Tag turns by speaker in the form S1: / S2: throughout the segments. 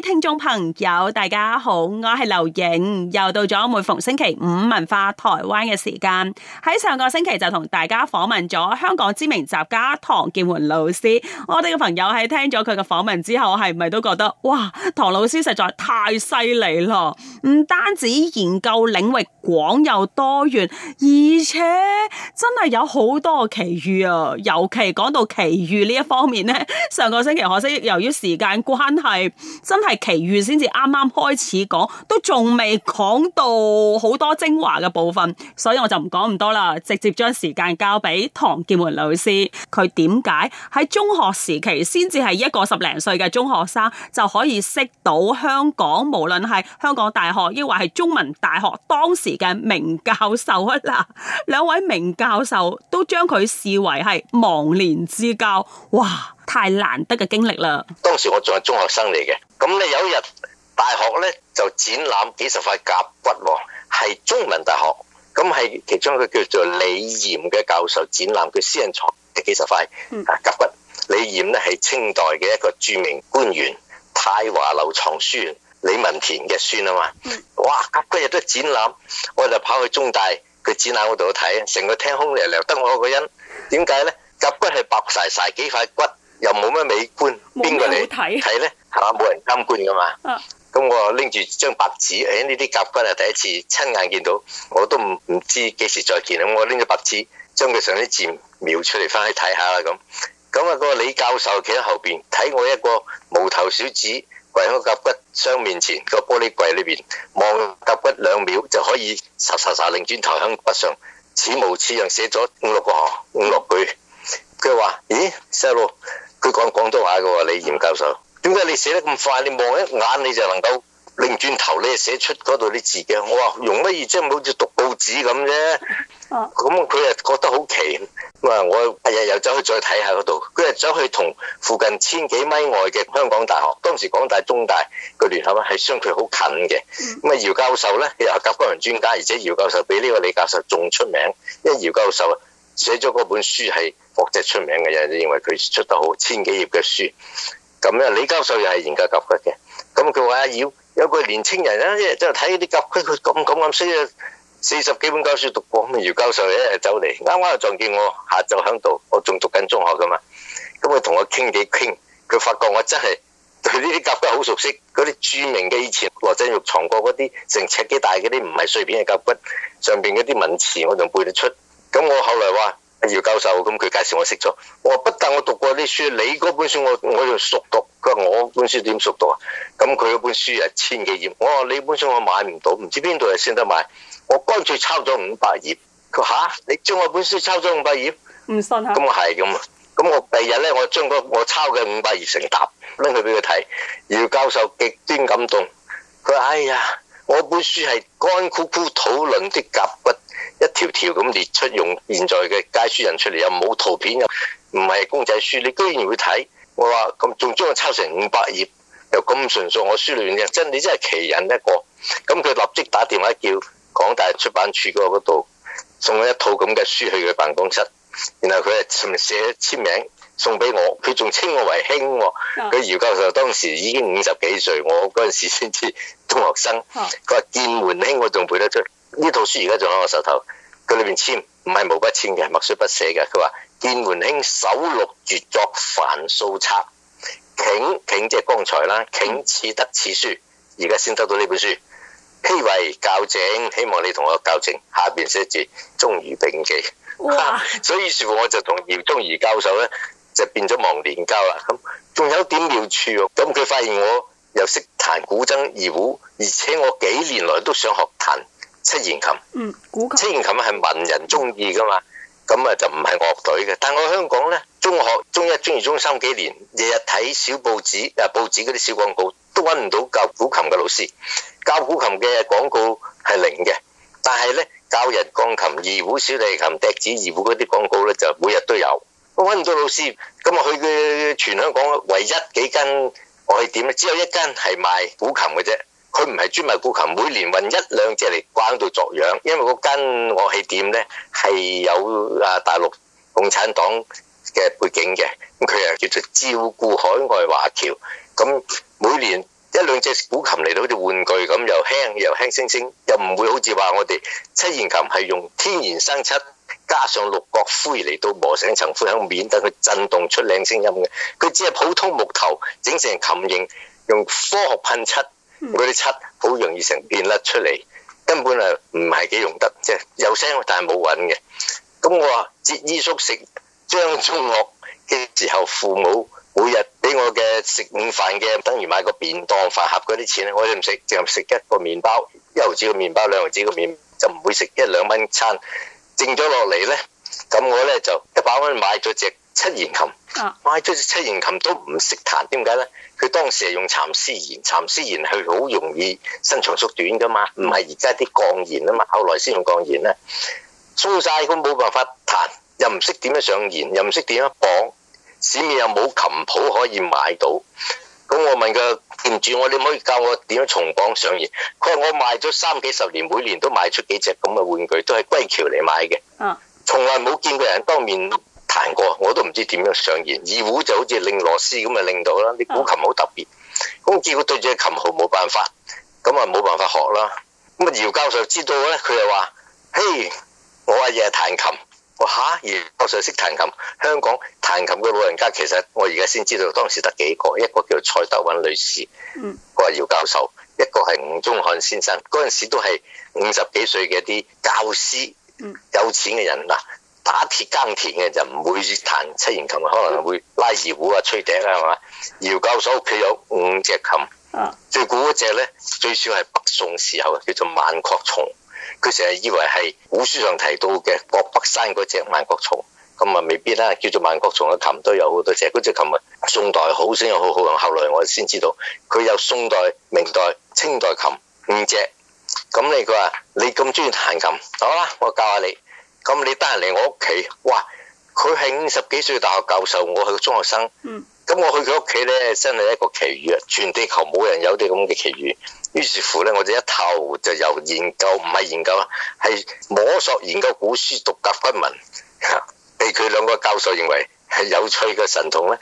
S1: 聽眾朋友，大家好，我係劉瑩，又到咗每逢星期五文化台灣嘅時間。喺上個星期就同大家訪問咗香港知名作家唐建雲老師。我哋嘅朋友喺聽咗佢嘅訪問之後，係咪都覺得哇，唐老師實在太犀利咯？唔單止研究領域廣又多元，而且真係有好多奇遇啊！尤其講到奇遇呢一方面咧，上個星期可惜由於時間關係，真係奇遇先至啱啱開始講，都仲未講到好多精華嘅部分，所以我就唔講咁多啦，直接將時間交俾唐建文老師，佢點解喺中學時期先至係一個十零歲嘅中學生，就可以識到香港，無論係香港大大學亦或係中文大學當時嘅名教授嗱，兩位名教授都將佢視為係忘年之交，哇，太難得嘅經歷啦！
S2: 當時我仲係中學生嚟嘅，咁你有一日大學咧就展覽幾十塊甲骨，係中文大學，咁係其中一個叫做李嚴嘅教授展覽佢私人藏嘅幾十塊甲骨。嗯、李嚴咧係清代嘅一個著名官員，泰華樓藏書。李文田嘅孫啊嘛，哇！甲骨又都展覽，我就跑去中大佢展覽嗰度睇，成個廳空寥寥，得我一個人。點解咧？甲骨係白晒晒，幾塊骨又冇咩美觀，邊個嚟睇咧？吓，冇、啊、人參觀噶嘛。咁、啊、我拎住張白紙，誒、哎，呢啲甲骨啊，第一次親眼見到，我都唔唔知幾時再見。咁我拎咗白紙，將佢上啲字描出嚟，翻去睇下咁。咁啊，個李教授企喺後邊睇我一個毛頭小子。喺個甲骨箱面前個玻璃櫃裏面望甲骨兩秒，就可以唰唰唰，轉頭喺骨上似模似樣寫咗五六個五六句。佢話：咦，細路，佢講廣東話嘅喎，李嚴教授，點解你寫得咁快？你望一眼你就能夠。擰轉頭你又寫出嗰度啲字嘅，我話用乜嘢啫？唔好似讀報紙咁啫。咁佢又覺得好奇，咁啊我日日又走去再睇下嗰度。佢又走去同附近千幾米外嘅香港大學，當時港大、中大個聯合啊，係相距好近嘅。咁啊，姚教授咧又係甲骨文專家，而且姚教授比呢個李教授仲出名，因為姚教授寫咗嗰本書係國際出名嘅，人哋認為佢出得好，千幾頁嘅書。咁啊，李教授又係研究甲骨嘅，咁佢話啊姚。有個年青人咧，即係睇啲甲骨，佢咁咁咁需要四十幾本舊書讀過，咁姚教授一日走嚟，啱啱又撞見我，下晝響度，我仲讀緊中學噶嘛，咁佢同我傾幾傾，佢發覺我真係對呢啲甲骨好熟悉，嗰啲著名嘅以前羅振玉藏過嗰啲成尺幾大嗰啲唔係碎片嘅甲骨，上邊嗰啲文詞我仲背得出，咁我後來話。姚教授咁佢介紹我識咗，我話不但我讀過啲書，你嗰本書我我又熟讀。佢話我本書點熟讀啊？咁佢嗰本書啊千幾頁，我話你本書我買唔到，唔知邊度係先得買。我乾脆抄咗五百頁。佢話吓，啊，你將我本書抄咗五百頁？
S1: 唔信吓。咁
S2: 啊係咁啊。咁我第日咧，我將我抄嘅五百頁成沓拎去俾佢睇，姚教授極端感動。佢話哎呀，我本書係乾枯枯討論的甲骨。一條條咁列出，用現在嘅楷書印出嚟，又冇圖片，又唔係公仔書，你居然會睇？我話咁，仲將我抄成五百頁，又咁純熟，我書裏嘅，真你真係奇人一個。咁佢立即打電話叫港大出版社嗰度送一套咁嘅書去佢辦公室，然後佢啊係寫簽名送俾我，佢仲稱我為兄、哦。佢姚教授當時已經五十幾歲，我嗰陣時先知中學生。佢話劍門兄，我仲背得出去。呢套書而家仲喺我手頭。佢裏面簽唔係毛筆簽嘅，係墨水筆寫嘅。佢話，建煥兄手錄絕作凡數冊，頃頃即係剛才啦。頃始得此書，而家先得到呢本書。希為校正，希望你同我校正下邊寫字。宗頤並記哇、嗯、所以似乎我就同饒宗頤教授咧就變咗忘年交啦。咁、嗯、仲有點妙處喎、啊，咁、嗯、佢發現我又識彈古箏二胡，而且我幾年來都想學彈七弦琴，嗯，古琴，七弦琴係文人中意噶嘛，咁啊就唔係樂隊嘅。但我在香港咧，中學中一、中二、中三幾年，日日睇小報紙啊，報紙嗰啲小廣告都搵唔到教古琴嘅老師，教古琴嘅廣告係零嘅。但係咧，教人鋼琴、二胡、小提琴、笛子、二胡嗰啲廣告咧，就每日都有。我搵唔到老師，咁啊，去嘅全香港唯一幾間樂器店啊，只有一間係賣古琴嘅啫。佢唔係專賣古琴，每年運一兩隻嚟掛到作樣，因為個間樂器店呢係有啊大陸共產黨嘅背景嘅，咁佢啊叫做照顧海外華僑。咁每年一兩隻古琴嚟到好似玩具咁，又輕又輕聲聲，又唔會好似話我哋七弦琴係用天然生漆加上六角灰嚟到磨醒成層灰喺個面，等佢震動出靚聲音嘅。佢只係普通木頭整成琴形，用科學噴漆。嗰啲漆好容易成片甩出嚟，根本啊唔係幾容得，即係有聲但係冇揾嘅。咁我話節衣縮食，將中學嘅時候父母每日俾我嘅食午飯嘅，等於買個便當飯盒嗰啲錢，我哋唔食，淨係食一個麵包，一毫子個麵包，兩毫子個麵，就唔會食一兩蚊餐，剩咗落嚟咧。咁我咧就一百蚊買咗隻。七弦琴，買咗隻七弦琴都唔識彈，點解咧？佢當時係用蠶絲弦，蠶絲弦係好容易伸長縮短噶嘛，唔係而家啲鋼弦啊嘛，後來先用鋼弦咧，粗晒咁冇辦法彈，又唔識點樣上弦，又唔識點樣綁，市面又冇琴譜可以買到，咁我問佢，店主，我，你可以教我點樣重綁上弦？佢話我賣咗三幾十年，每年都賣出幾隻咁嘅玩具，都係歸橋嚟買嘅，嗯，從來冇見過人當面。彈過，我都唔知點樣上演。二胡就好似拎螺絲咁啊，拎到啦，啲古琴好特別，咁結果對住琴號冇辦法，咁啊冇辦法學啦。咁啊，姚教授知道咧，佢就話：嘿，我阿爺彈琴，我嚇，姚教授識彈琴。香港彈琴嘅老人家，其實我而家先知道，當時得幾個，一個叫蔡德允女士，一個係姚教授，一個係吳宗漢先生。嗰陣時都係五十幾歲嘅啲教師，有錢嘅人嗱、啊。打鐵耕田嘅就唔會彈七弦琴，可能會拉二胡啊、吹笛啊，係嘛？姚教授屋企有五隻琴，啊、最古嗰隻呢，最少係北宋時候叫做萬國松。佢成日以為係古書上提到嘅國北山嗰隻萬國松，咁啊未必啦。叫做萬國松嘅琴都有好多隻，嗰隻琴啊宋代好聲又好好，後來我先知道佢有宋代、明代、清代琴五隻。咁你佢話你咁中意彈琴，好啦，我教下你。咁你得閒嚟我屋企，哇！佢係五十幾歲大學教授，我係個中學生。咁我去佢屋企咧，真係一個奇遇啊！全地球冇人有啲咁嘅奇遇。於是乎咧，我就一頭就由研究唔係研究，係摸索研究古書讀甲骨文， 被佢兩個教授認為係有趣嘅神童咧，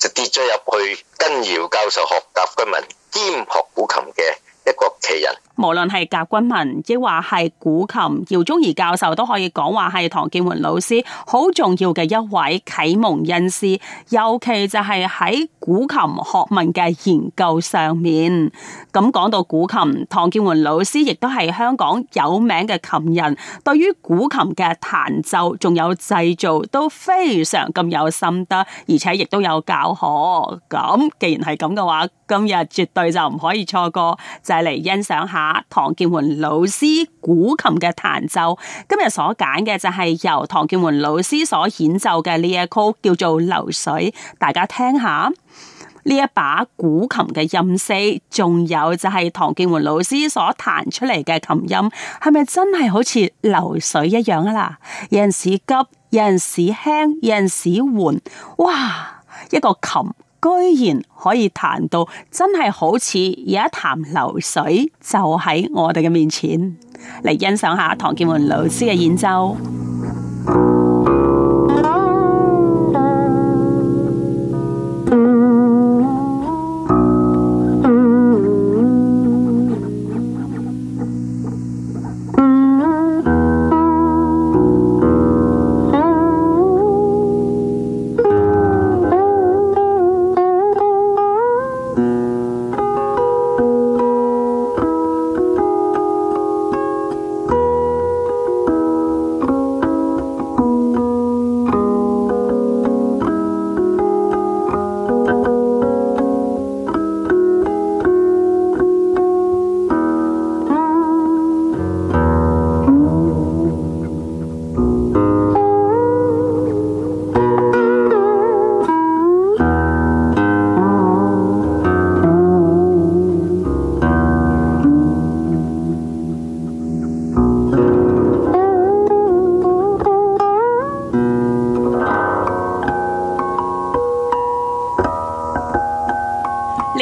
S2: 就跌咗入去跟饒教授學甲骨文、兼學古琴嘅一個
S1: 奇人。無論係甲骨文抑或係古琴，饒宗頤教授都可以講話係唐健垣老師好重要嘅一位啟蒙恩師，尤其就係喺古琴學問嘅研究上面。咁講到古琴，唐健垣老師亦都係香港有名嘅琴人，對於古琴嘅彈奏仲有製造都非常咁有心得，而且亦都有教學。咁既然係咁嘅話，今日絕對就唔可以錯過，就嚟、是、欣賞下。把唐建煥老師古琴嘅彈奏，今日所揀嘅就係由唐建煥老師所演奏嘅呢一曲，叫做《流水》，大家聽下呢一把古琴嘅音色，仲有就係唐建煥老師所彈出嚟嘅琴音，係咪真係好似流水一樣啊？啦，有陣時急，有陣時輕，有陣時緩，哇，一個琴。居然可以彈到，真係好似有一潭流水就喺我哋嘅面前。嚟欣賞下唐建文老師嘅演奏。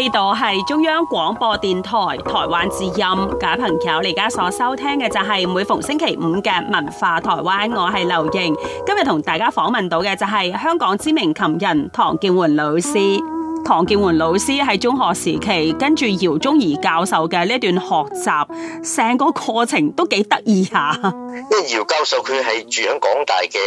S1: 呢度係中央廣播電台台灣之音嘅朋友，你而家所收聽嘅就係每逢星期五嘅文化台灣，我係劉瑩。今日同大家訪問到嘅就係香港知名琴人唐健垣老師。唐健垣老師喺中學時期跟住饒宗頤教授嘅呢一段學習，成個過程，都幾得意下。
S2: 因為饒教授佢係住喺港大嘅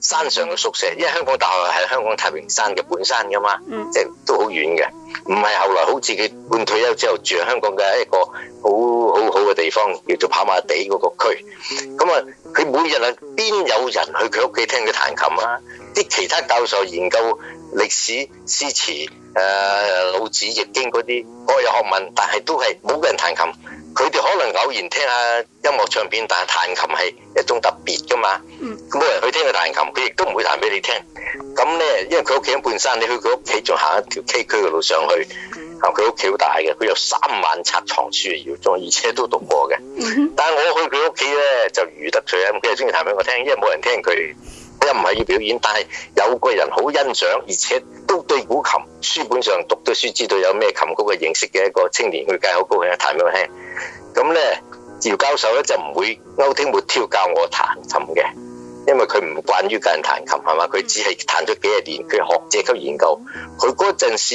S2: 山上嘅宿舍，因為香港大學係香港太平山嘅本山噶嘛，即係都好遠嘅。唔係，後來好似佢半退休之後住喺香港嘅一個好好好嘅地方，叫做跑馬地嗰個區。咁啊，佢每日啊邊有人去佢屋企聽佢彈琴啊？啲其他教授研究歷史詩詞，誒老子易經嗰啲各樣學問，但係都係冇個人彈琴。佢哋可能偶然聽下音樂唱片，但係彈琴係一種特別㗎嘛。咁冇人去聽佢彈琴，佢亦都唔會彈俾你聽，咁咧，因為佢屋企喺半山，你去佢屋企仲行一條崎嶇嘅路上。去，啊，佢屋企好大嘅，佢有三萬冊藏書，姚莊，而且都讀過嘅。嗯、哼但係我去佢屋企咧，他就如得最啱，佢係中意彈俾我聽，因為冇人聽佢，又唔係要表演，但係有個人好欣賞，而且都對古琴書本上讀咗書，知道有咩琴曲嘅認識嘅一個青年，佢梗好高興彈俾我聽。咁咧，姚教授咧就唔會勾剔抹挑教我彈琴嘅。因為佢唔慣於教人彈琴，係嘛？佢只係彈咗幾十年，佢學者級研究。佢嗰陣時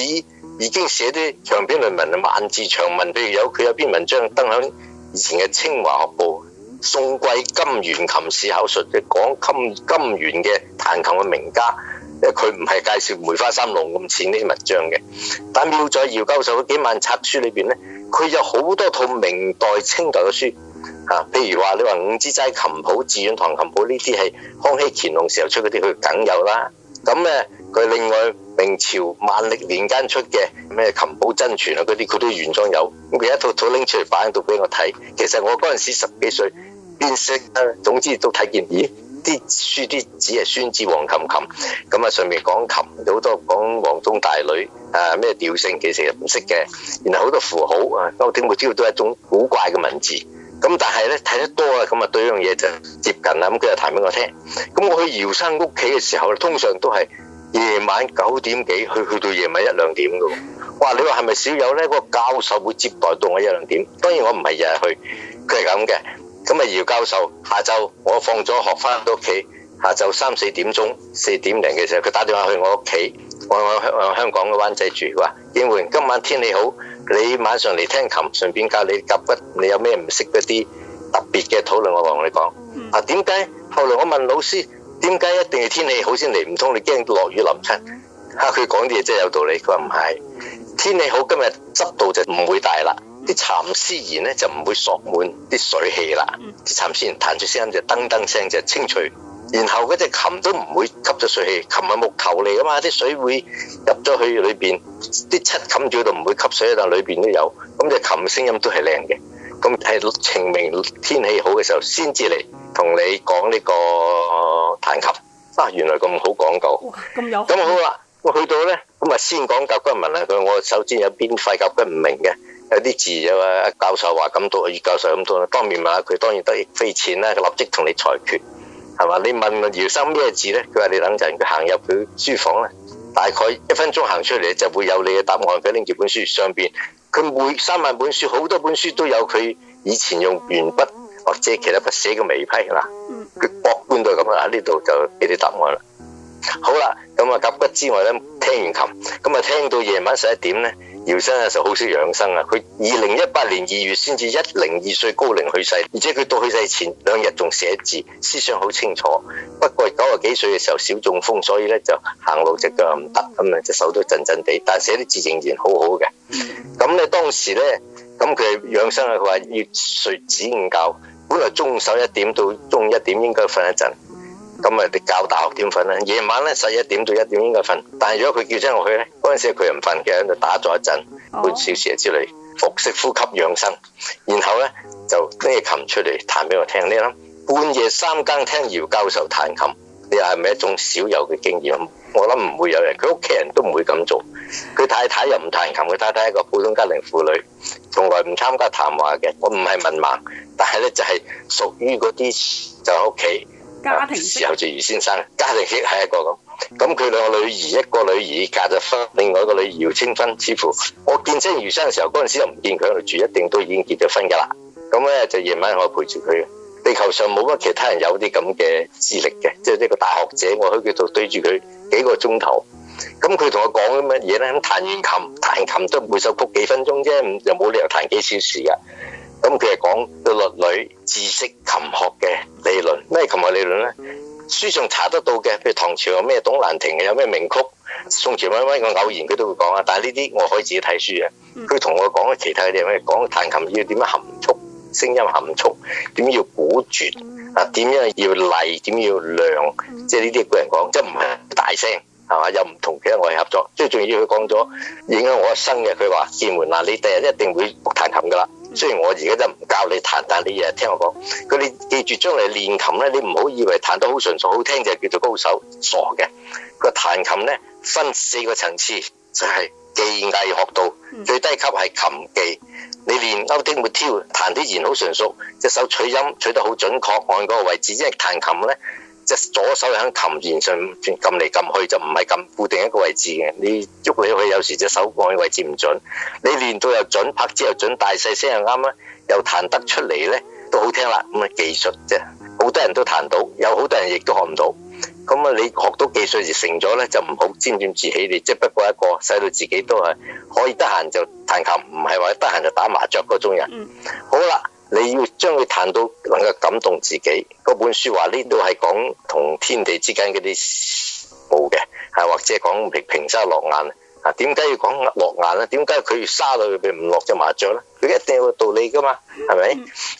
S2: 已經寫啲長篇論文、萬字長文，譬如有佢有一篇文章登響以前嘅《清華學報宋桂金元琴史考述》，就講金金元嘅彈琴嘅名家。因為佢唔係介紹梅花三弄咁淺啲文章嘅，但妙在姚教授嗰幾萬冊書裏邊佢有好多套明代清代嘅書。啊，譬如話你話五知齋琴譜、自遠堂琴譜呢啲係康熙、乾隆時候出嗰啲，佢梗有啦。咁咧，佢、啊、另外明朝萬曆年間出嘅咩琴譜真傳啊，嗰啲佢都原裝有。咁佢一套，套拎出嚟擺喺度俾我睇。其實我嗰陣時十幾歲，邊識啊？總之都睇見，咦？啲書啲紙係宣紙、黃琴琴。咁啊，上面講琴好多講黃鍾大呂啊，咩調性其實唔識嘅。然後好多符號啊，我聽冇知道都係一種古怪嘅文字。咁但係咧睇得多啦，咁啊對呢樣嘢就接近啦。咁佢又彈俾我聽。咁我去姚生屋企嘅時候，通常都係夜晚九點幾去，去到夜晚一兩點嘅喎。哇！你話係咪少有咧？個教授會接待到我一兩點？當然我唔係日日去，佢係咁嘅。咁啊，姚教授下晝我放咗學翻到屋企，下晝三四點鐘，四點零嘅時候，佢打電話去我屋企，我我香香港嘅灣仔住，話，英妹今晚天氣好。你晚上嚟聽琴，順便教你夾骨。你有咩唔識嗰啲特別嘅討論，我同你講。啊，點解後來我問老師，點解一定係天氣好先嚟？唔通你驚落雨淋親？嚇、啊，佢講啲嘢真係有道理。佢話唔係，天氣好，今日濕度就唔會大啦，啲蠶絲弦咧就唔會索滿啲水氣啦，啲蠶絲弦彈出聲音就噔噔聲就清脆。然後嗰隻琴都唔會吸咗水氣，琴係木頭嚟噶嘛，啲水會入咗去裏面，啲漆冚住就唔會吸水，但裏面都有，咁隻琴聲音都係靚嘅。咁係晴明天氣好嘅時候先至嚟同你講呢個彈琴。啊，原來咁好講究，
S1: 咁好
S2: 啦。我去到呢。咁啊先講甲骨文啊，佢我首先有邊塊甲骨唔明嘅，有啲字有教授話咁多，葉教授咁多，當面問下佢，當然得益非淺啦，佢立即同你裁決。係嘛？你問姚生咩字咧？佢話你等陣，佢行入佢書房咧，大概一分鐘行出嚟就會有你嘅答案。佢拎住本書上邊，佢每三萬本書好多本書都有佢以前用鉛筆或者其他筆寫嘅眉批啦。佢博觀都係咁啦。啊，呢度就俾你答案啦。好啦，咁、嗯、啊，夾骨之外咧，聽完琴，咁、嗯、啊，聽到夜晚十一點咧。姚生啊，就好識養生啊！佢二零一八年二月先至一零二歲高齡去世，而且佢到去世前兩日仲寫字，思想好清楚。不過九十幾歲嘅時候小中風，所以咧就行路隻腳唔得，咁啊隻手都震震地，但係寫啲字仍然好好嘅。咁、嗯、咧當時咧，咁佢養生啊，佢話要睡子午覺，本來中午十一點到中午一點應該瞓一陣。咁咪教大學，點瞓咧？夜晚咧十一點到一點應該瞓，但係如果佢叫醒我去咧，嗰陣時佢又唔瞓嘅，喺度打坐一陣，半小時之類，腹式呼吸養生，然後咧就拎隻琴出嚟彈俾我聽。你諗半夜三更聽姚教授彈琴，你又係咪一種少有嘅經驗？我諗唔會有人，佢屋企人都唔會咁做。佢太太又唔彈琴，佢太太一個普通家庭婦女，從來唔參加談話嘅。我唔係文盲，但係咧就係屬於嗰啲就喺屋企。家庭時候就余先生，家庭亦係一個咁，咁佢兩個女兒，一個女兒嫁咗婚，另外一個女兒要結婚，似乎我見親余生嘅時候，嗰陣時又唔見佢喺度住，一定都已經結咗婚㗎啦。咁咧就夜晚我陪住佢，地球上冇乜其他人有啲咁嘅資歷嘅，即係一個大學者，我喺佢度做對住佢幾個鐘頭。咁佢同我講乜嘢咧？彈完琴，彈琴都每首曲幾分鐘啫，又冇理由彈幾小時㗎。咁佢係講嘅律呂、知識、琴學嘅理論。咩琴學理論咧？書上查得到嘅，譬如唐朝有咩董蘭亭嘅，有咩名曲。宋朝乜乜，我偶然佢都會講啊。但係呢啲我可以自己睇書嘅。佢同我講其他嘅嘢，咩講彈琴要點樣含蓄，聲音含蓄，點要古絕啊？點樣要勵？點要亮？即係呢啲個人講，即係唔係大聲，係嘛？又唔同其他外合作。即係仲要佢講咗影響我一生嘅。佢話，見門嗱，你第日一定會彈琴噶啦！雖然我而家就唔教你彈，但你日日聽我講，佢你記住將來練琴咧，你唔好以為彈得好純熟好聽就係叫做高手，傻嘅。個彈琴咧分四個層次，就係技、藝、學、道，最低級係琴技。你練勾丁木挑彈啲弦，好純熟，隻手取音取得好準確，按嗰個位置，即係彈琴咧。即左手喺琴弦上撳嚟撳去就唔係咁固定一個位置嘅，你喐嚟去有時隻手放嘅位置唔準。你練到又準，拍子又準，大細聲又啱啦，又彈得出嚟咧都好聽啦。咁啊技術啫，好多人都彈到，有好多人亦都學唔到。咁啊你學到技術而成咗咧就唔好沾沾自喜，你即係不過一個，使到自己都係可以得閒就彈琴，唔係話得閒就打麻雀嗰種人。好啦。你要將佢彈到能夠感動自己，嗰本書話呢度係講同天地之間嗰啲冇嘅，啊或者講平沙落雁。啊點解要講落雁咧？點解佢沙落佢唔落隻麻將咧？佢一定有道理噶嘛，係咪？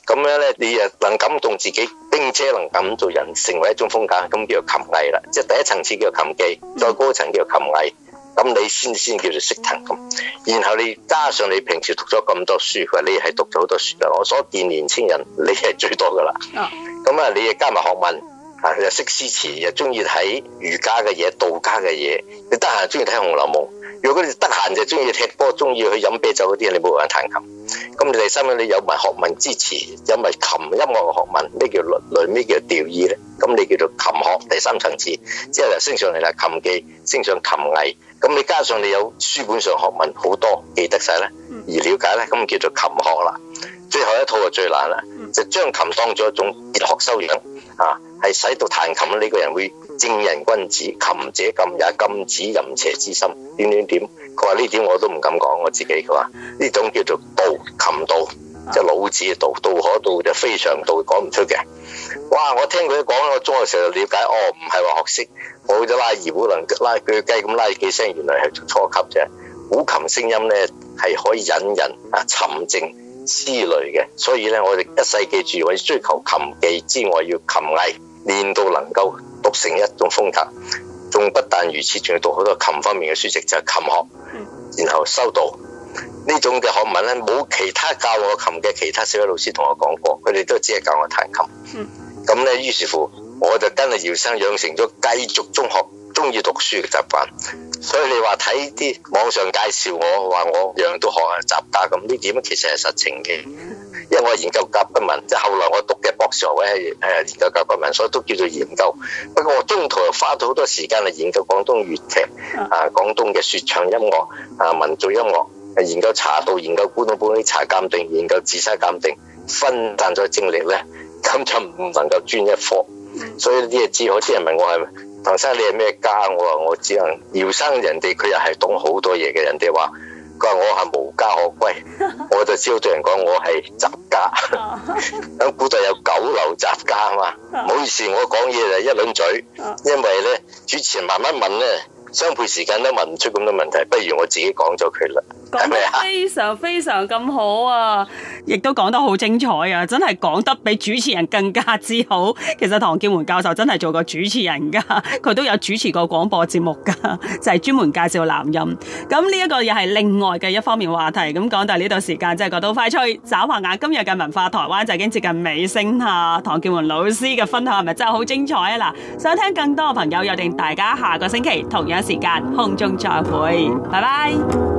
S2: 咁、嗯、樣咧，你又能感動自己，冰車能感動人，成為一種風格，咁叫琴藝啦。即係第一層次叫琴技，再高層叫琴藝。咁你先先叫做識騰咁，然後你加上你平時讀咗咁多書，話你係讀咗很多書㗎，我所見年輕人，你係最多㗎
S1: 喇。
S2: 你又加埋學問，啊又識詩詞，又中意睇儒家嘅嘢、道家嘅嘢，你得閒中意睇《紅樓夢》。如果你得閒就中意踢波，中意去飲啤酒嗰啲，你冇可能彈琴。咁你第三，你有埋學問支持，有埋琴音樂嘅學問，咩叫律類，咩叫調意咧？咁你叫做琴學第三層次，之後就升上嚟啦，琴技升上琴藝。咁你加上你有書本上學問好多，記得晒咧，而了解咧，咁叫做琴學啦。最後一套就最難啦，就將琴當做一種哲學修養。啊，係使到彈琴呢個人會正人君子，琴者禁也，禁止淫邪之心，點點點。佢話呢點我都唔敢講我自己。佢話呢種叫做道，琴道即係老子嘅道，道可道就非常道，講唔出嘅。哇！我聽佢講，我中學的時候了解，哦，唔係話學識，我只拉二胡，能拉腳雞咁拉幾聲，原來係初級啫。古琴聲音呢，係可以引人啊沉靜。之類嘅，所以咧，我哋一世記住，我要追求琴技之外，要琴藝練到能夠讀成一種風格。仲不但如此，仲要讀好多琴方面嘅書籍，就係、是、琴學，然後修道呢種嘅學問咧，冇其他教我琴嘅其他四位老師同我講過，佢哋都只係教我彈琴。咁咧，於是乎，我就跟阿姚生養成咗繼續中學，中意讀書嘅習慣。所以你話睇啲網上介紹我，我話我樣樣都學下雜家咁，呢點其實係實情嘅，因為我研究甲骨文，即係後來我讀嘅博士學位係誒研究甲骨文，所以都叫做研究。不過我中途又花咗好多時間嚟研究廣東粵劇啊、廣東嘅說唱音樂啊、民族音樂，研究茶道、研究古董本、古董茶鑑定、研究字識鑑定，分散咗精力咧，咁就唔能夠專一科。所以啲嘢知道，好啲人問我係，唐生你係咩家？我話我只能饒生人哋，佢又係懂好多嘢嘅。人哋話，佢話我係無家可歸，我就只好對人講我係雜家。咁 古代有九流雜家嘛？唔好意思，我講嘢就一輪嘴，因為咧主持人慢慢問咧，相配時間都問唔出咁多問題，不如我自己講咗佢啦。講得
S1: 非常非常咁好啊！係咪？亦都講得好精彩啊！真係講得比主持人更加之好。其實唐建文教授真係做過主持人噶，佢都有主持過廣播節目噶，就係、是、專門介紹南音。咁呢一個又係另外嘅一方面話題。咁講到呢度時間真係過到快脆，眨下眼今日嘅文化台灣就已經接近尾聲啦。唐建文老師嘅分享係咪真係好精彩啊？嗱，想聽更多嘅朋友，約定大家下個星期同樣時間空中再會。拜拜。